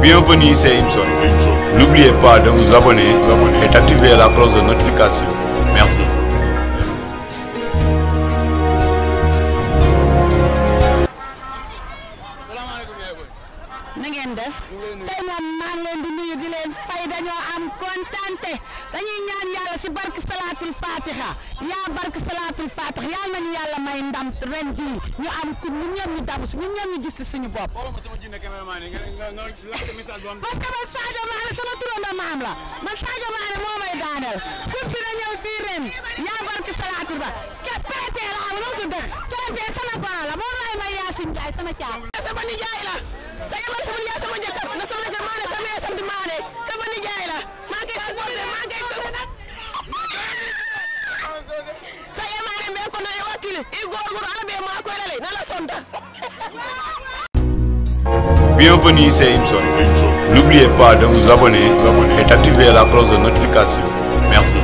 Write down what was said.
Bienvenue, c'est Imson. N'oubliez pas de vous abonner et d'activer la cloche de notification. Merci. na ngeen def tey moom maa ngi leen di nuyu di leen fay dañoo am kontante dañuy ñaan yàlla si barke salaatul fatiha yaa barke salaatul fatiha yàlla nañu yàlla may ndam ren jii ñu am ku ñu ñoom ñu ren yaa barke salaatul ba ke pété laa ma ko def pété moo may may Yacine Ndiaye sama caa sama nijaay la Bienvenue, c'est Imson. N'oubliez pas de vous abonner et d'activer la cloche de notification. Merci.